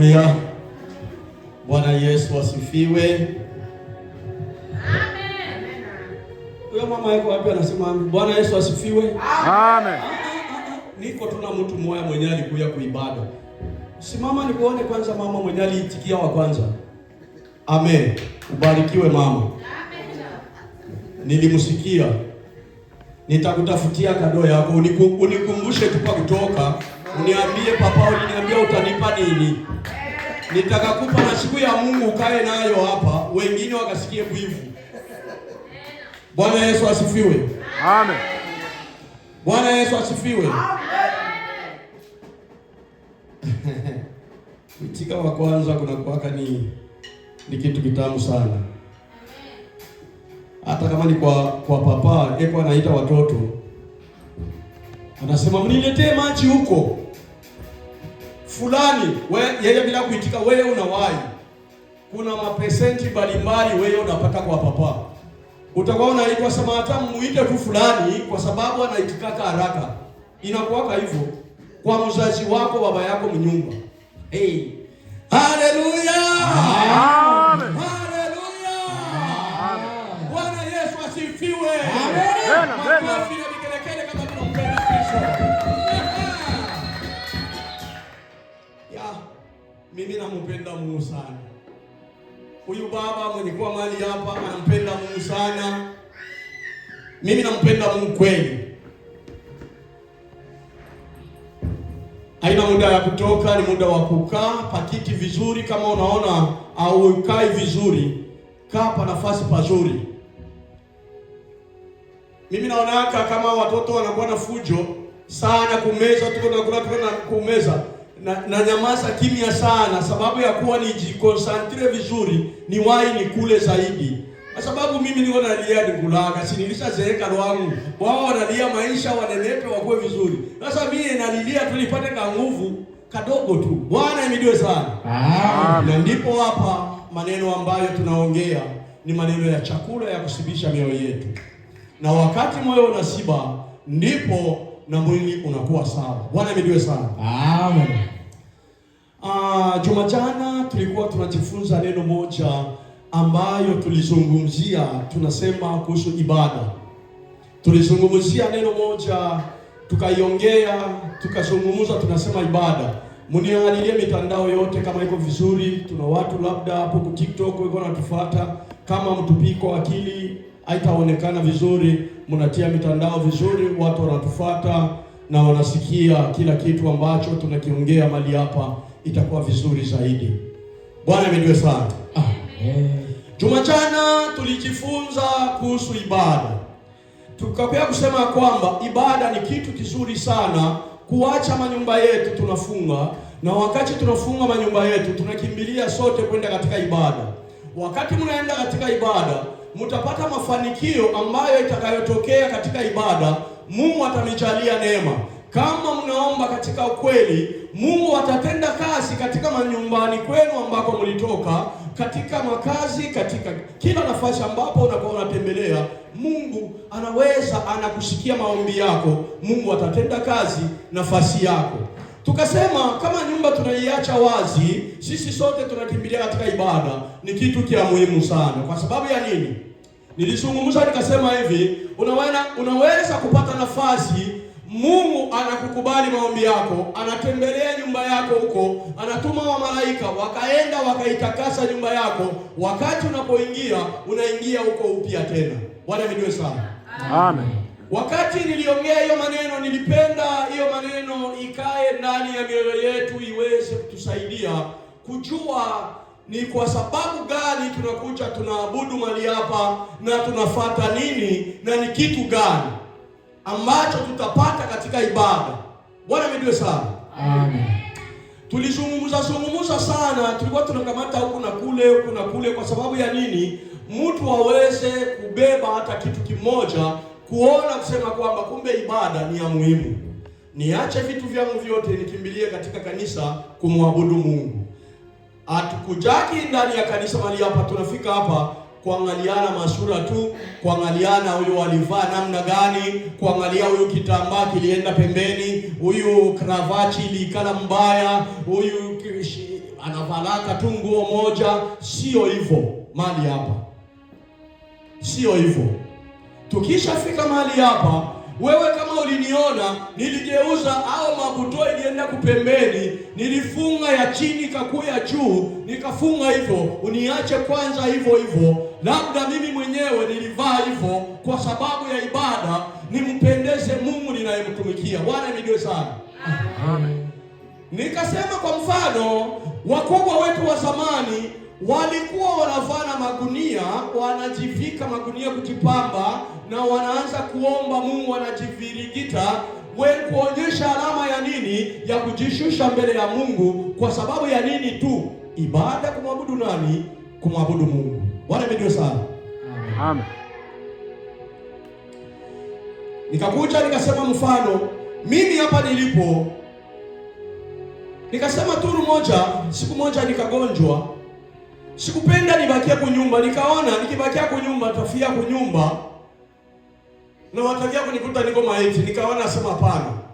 Haleluya! Bwana Yesu asifiwe. Amen. Huyo mama yako wapi anasema Bwana Yesu asifiwe. Amen. Niko tuna mtu mmoja mwenye alikuja kuibada. Simama nikuone kwanza mama mwenye aliitikia wa kwanza. Amen. Ubarikiwe mama. Amen. Nilimsikia. Nitakutafutia kado yako unikumbushe tupa kutoka Uniambie papa, uliniambia utanipa nini? Nitakakupa siku ya Mungu ukae nayo hapa, wengine wakasikie bwivu. Bwana Yesu asifiwe. Amen. Bwana Yesu asifiwe. Amen. Mtika wa kwanza kuna kuwaka ni ni kitu kitamu sana. Hata kama ni kwa kwa papa eko anaita watoto, anasema mniletee maji huko fulani we, yeye bila kuitika wewe unawahi. Kuna mapesenti mbalimbali wewe unapata kwa papa, utakuwa unaitwa sema hata muite tu fulani, kwa sababu anaitikaka haraka. Inakuwaka hivyo kwa mzazi wako, baba yako mnyumba. Hey, haleluya, amen, haleluya, amen. Bwana Yesu asifiwe, amen. mimi nampenda Mungu sana. Huyu baba mwenye mwenikuwa mali hapa anampenda Mungu sana. Mimi nampenda Mungu kweli. Haina muda ya kutoka, ni muda wa kukaa pakiti vizuri. Kama unaona au ukai vizuri, kaa pa nafasi pazuri. Mimi naonaka kama watoto wanakuwa na fujo sana kumeza, tuko na kula kumeza na, na nyamaza kimya sana, sababu ya kuwa nijikonsantre vizuri, ni wai ni kule zaidi, kwa sababu mimi niko nalia nikulaga, si nilishazeeka wangu, wao wanalia maisha, wanenepe wakuwe vizuri. Sasa mimi nalilia tu nipate ka nguvu kadogo tu. Bwana imidiwe sana Na ndipo hapa maneno ambayo tunaongea ni maneno ya chakula ya kusibisha mioyo yetu, na wakati moyo unasiba ndipo na mwili unakuwa sawa. Bwana imidiwe sana Amen. Juma jana tulikuwa tunajifunza neno moja ambayo tulizungumzia, tunasema kuhusu ibada. Tulizungumzia neno moja tukaiongea, tukazungumza, tunasema ibada. Mniangalie mitandao yote kama iko vizuri, tuna watu labda hapo ku TikTok wako wanatufuata. Kama mtupiko akili haitaonekana vizuri, mnatia mitandao vizuri, watu wanatufuata na wanasikia kila kitu ambacho tunakiongea mali hapa, itakuwa vizuri zaidi. Bwana amejua sana. Juma jana tulijifunza kuhusu ibada, tukapea kusema kwamba ibada ni kitu kizuri sana, kuacha manyumba yetu tunafunga, na wakati tunafunga manyumba yetu tunakimbilia sote kwenda katika ibada. Wakati mnaenda katika ibada, mtapata mafanikio ambayo itakayotokea katika ibada Mungu atanijalia neema. Kama mnaomba katika ukweli, Mungu atatenda kazi katika manyumbani kwenu ambako mlitoka, katika makazi, katika kila nafasi ambapo unakuwa unatembelea. Mungu anaweza, anakusikia maombi yako. Mungu atatenda kazi nafasi yako. Tukasema kama nyumba tunaiacha wazi, sisi sote tunakimbilia katika ibada. Ni kitu kia muhimu sana. Kwa sababu ya nini? Nilizungumza nikasema hivi, unaweza unaweza kupata nafasi, Mungu anakukubali maombi yako, anatembelea nyumba yako huko, anatuma wamalaika wakaenda wakaitakasa nyumba yako, wakati unapoingia unaingia huko upya tena. Bwana nijue sana. Amen. Wakati niliongea hiyo maneno, nilipenda hiyo maneno ikae ndani ya mioyo yetu iweze kutusaidia kujua ni kwa sababu gani tunakuja tunaabudu mali hapa na tunafata nini na ni kitu gani ambacho tutapata katika ibada. Bwana amejue sana. Amen. Tulizungumza zungumza sana, tulikuwa tunakamata huku na kule huku na kule. Kwa sababu ya nini? Mtu aweze kubeba hata kitu kimoja, kuona kusema kwamba kumbe ibada ni ya muhimu, niache vitu vyangu vyote nikimbilie katika kanisa kumwabudu Mungu hatukujaki ndani ya kanisa mali hapa, tunafika hapa kuangaliana masura tu, kuangaliana huyu walivaa namna gani, kuangalia huyu kitambaa kilienda pembeni, huyu kravachi ilikala mbaya, huyu anavalaka tu nguo moja. Sio hivyo mali hapa, sio hivyo. Tukishafika mali hapa wewe kama uliniona, niligeuza au mabutoa ilienda kupembeni, nilifunga ya chini kakuya ya juu, nikafunga hivyo. Uniache kwanza hivyo hivyo, labda mimi mwenyewe nilivaa hivyo kwa sababu ya ibada, nimpendeze Mungu ninayemtumikia. Bwana nijue sana. Amen. Nikasema kwa mfano, wakubwa wetu wa zamani walikuwa wanavaa na magunia wanajivika magunia kujipamba, na wanaanza kuomba Mungu, anajivirigita we kuonyesha alama ya nini? Ya kujishusha mbele ya Mungu. Kwa sababu ya nini tu? Ibada, kumwabudu nani? Kumwabudu Mungu. Bwana imedio sana, amen. Nikakuja nikasema mfano mimi hapa nilipo, nikasema turu moja, siku moja nikagonjwa Sikupenda nibakia kunyumba, nikaona nikibakia kunyumba tafia kunyumba na watakia kunikuta niko maiti, nikaona sema pana